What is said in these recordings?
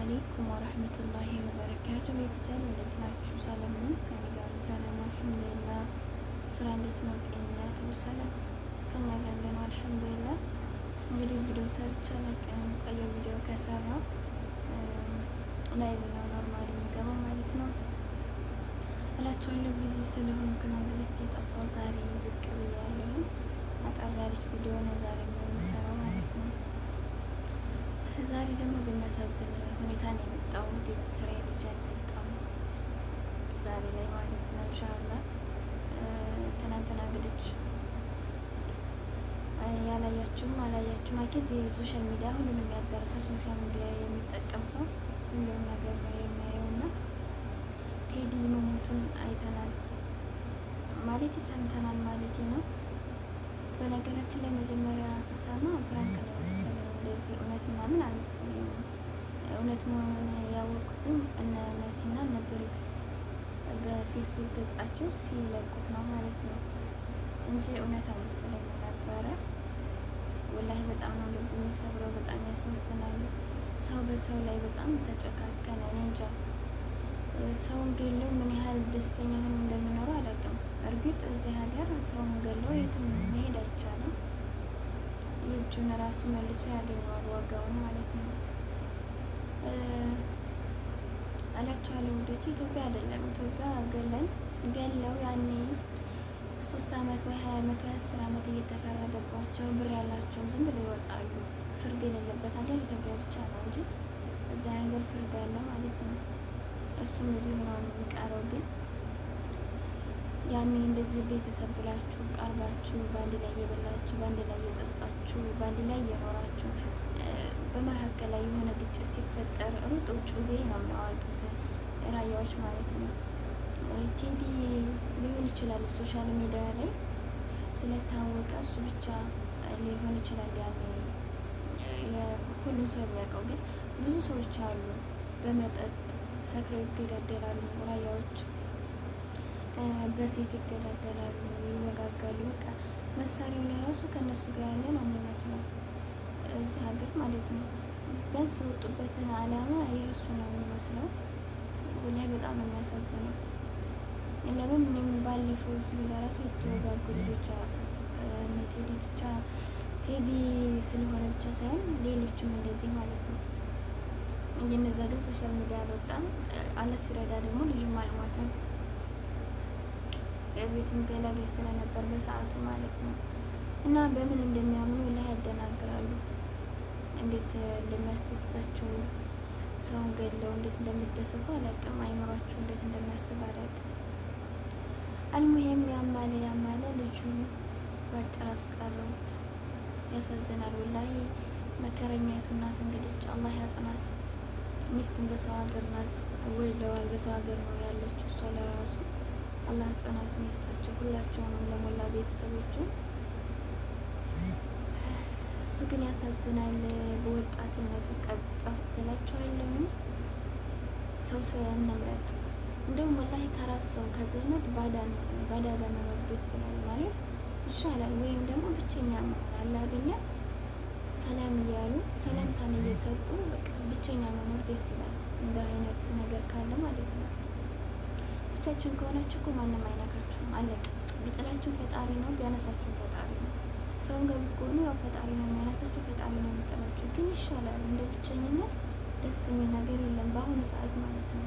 አለይኩም ወረህመቱላሂ ወበረካቱ። ቤተሰብ እንዴት ናችሁ? ሰላም ነው? ከኔ ጋር ሰላም አልሐምዱሊላ። ስራ እንዴት ነው? ጤንነቱ ሰላም ከኛ ጋር ነው አልሐምዱሊላ። እንግዲህ ቪዲዮ ሰርቻ ላቀም ቆየ ቪዲዮ ከሰራ ላይ ነው ኖርማል የሚገባው ማለት ነው እላቸዋለሁ። ቢዚ ስለሆንኩ ነው እንግዲህ የጠፋው ዛሬ ብቅ ብያለሁ። አጠር ያለች ቪዲዮ ነው ዛሬ የሚሰራው ማለት ነው ዛሬ ደግሞ በሚያሳዝን ሁኔታ ነው የመጣው። ወደጅ ስራ ልጅ አልመጣም ዛሬ ላይ ማለት ነው። ሻላ ትናንትና ግልች ያላያችሁም አላያችሁም አኬት የሶሻል ሚዲያ ሁሉንም ያዳረሰው ሶሻል ሚዲያ የሚጠቀም ሰው ሁሉም ነገር ነው የሚያየው እና ቴዲ መሞቱን አይተናል ማለት ሰምተናል ማለት ነው። በነገራችን ላይ መጀመሪያ ስሰማ ብራንክ ነው መሰለኝ እንደዚህ እውነት ምናምን አልመሰለኝም። እውነት መሆኑን ያወቅኩትም እነ መሲና እነ ብሪክስ በፌስቡክ ገጻቸው ሲለቁት ነው ማለት ነው እንጂ እውነት አልመሰለኝም ነበረ። ወላሂ በጣም ነው ልብ የሚሰብረው፣ በጣም ያሳዝናል። ሰው በሰው ላይ በጣም ተጨካከነ። እኔ እንጃ ሰውን ገሎ ምን ያህል ደስተኛ ሆኖ እንደሚኖረው አላውቅም። እርግጥ እዚህ ሀገር ሰውን ገሎ የትም መሄድ እጁን ራሱ መልሶ ያገኘዋል ዋጋውን ማለት ነው እላችኋለሁ። ወንዶች ኢትዮጵያ አይደለም ኢትዮጵያ ገለን ገለው ያኔ ሶስት አመት ወይ ሀያ አመት ወይ አስር አመት እየተፈረደባቸው ብር ያላቸውም ዝም ብለው ይወጣሉ። ፍርድ የሌለበት ሀገር ኢትዮጵያ ብቻ ነው እንጂ እዚያ ሀገር ፍርድ ያለው ማለት ነው። እሱም እዚሁ ነው የሚቀረው ግን ያኔ እንደዚህ ቤተሰብ ብላችሁ ቀርባችሁ በአንድ ላይ እየበላችሁ በአንድ ላይ እየጠጣችሁ በአንድ ላይ እየኖራችሁ በመካከል ላይ የሆነ ግጭት ሲፈጠር ሩጥ ጩቤ ነው የሚያዋጡት ራያዎች ማለት ነው። ቴዲ ሊሆን ይችላል ሶሻል ሚዲያ ላይ ስለታወቀ እሱ ብቻ ሊሆን ይችላል ያኔ ሁሉም ሰው የሚያውቀው ግን ብዙ ሰዎች አሉ። በመጠጥ ሰክረው ይገዳደላሉ ራያዎች በሴት ይገዳደላሉ፣ ይወጋጋሉ። በቃ መሳሪያው ለራሱ ከእነሱ ጋር ያለ ነው የሚመስለው እዚህ ሀገር ማለት ነው። ቢያንስ የወጡበትን አላማ የእሱ ነው የሚመስለው። ላይ በጣም ነው የሚያሳዝነው። ለምን እኔም ባለፈው እዚሁ ለራሱ የተወጋጉ ልጆች እነ ቴዲ ብቻ ቴዲ ስለሆነ ብቻ ሳይሆን ሌሎችም እንደዚህ ማለት ነው። እንደነዛ ግን ሶሻል ሚዲያ በጣም አለ ሲረዳ ደግሞ ልጁ ማልማት ቤትም ገላገል ስለነበር በሰዓቱ ማለት ነው። እና በምን እንደሚያምኑ ላይ ያደናግራሉ። እንዴት እንደሚያስደስታቸው ሰውን ገለው እንዴት እንደሚደሰቱ አላውቅም። አይምሯቸው እንዴት እንደሚያስብ አላውቅም። አልሙሄም ያማለ ያማለ ልጁ ባጭር አስቀሩት። ያሳዝናል ወላሂ። መከረኛይቱ እናት እንግዲህ አላህ ያጽናት። ሚስትን በሰው ሀገር ናት ለዋል በሰው ሀገር ነው ያለችው እሷ ለራሱ አላህ ህጻናቱን ይስጣቸው ሁላቸውንም ለሞላ ቤተሰቦቹ። እሱ ግን ያሳዝናል። በወጣትነቱ ቀጣፍ ትላቸዋለሁ። ሰው ስንምረጥ እንደውም ወላሂ ከራስ ሰው ከዘመድ ባዳ ለመኖር ደስ ይላል ማለት ይሻላል። ወይም ደግሞ ብቸኛ መሆን አለ አይደለ? ሰላም እያሉ ሰላምታን እየሰጡ ብቸኛ መኖር ደስ ይላል። እንደ አይነት ነገር ካለ ማለት ነው። ብቻችን ከሆናችሁ እኮ ማንም አይነካችሁም። አለቅ ቢጥላችሁ ፈጣሪ ነው፣ ቢያነሳችሁ ፈጣሪ ነው። ሰውን ገቡ ከሆኑ ያው ፈጣሪ ነው የሚያነሳችሁ፣ ፈጣሪ ነው የሚጥላችሁ። ግን ይሻላል፣ እንደ ብቸኝነት ደስ የሚል ነገር የለም በአሁኑ ሰዓት ማለት ነው።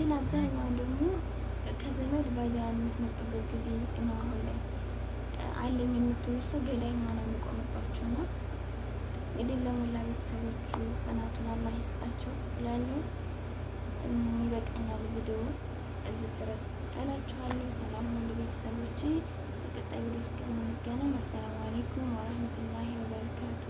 ግን አብዛኛውን ደግሞ ከዘመድ ባዳ የምትመርጡበት ጊዜ ነው አሁን ላይ አለኝ የምትሉ ሰው ገዳይ ማነው የሚቆምባችሁ ና እንግዲህ ለሞላ ቤተሰቦቹ ጽናቱን አላህ ይስጣቸው ላለው ይበቃኛል ቪዲዮ እዚህ ድረስ እላችኋለሁ። ሰላም ሁሉ ቤተሰቦቼ፣ በቀጣይ ቪዲዮ እስከምንገናኝ አሰላሙ አሌይኩም ወረህመቱላሂ ወበረካቱ።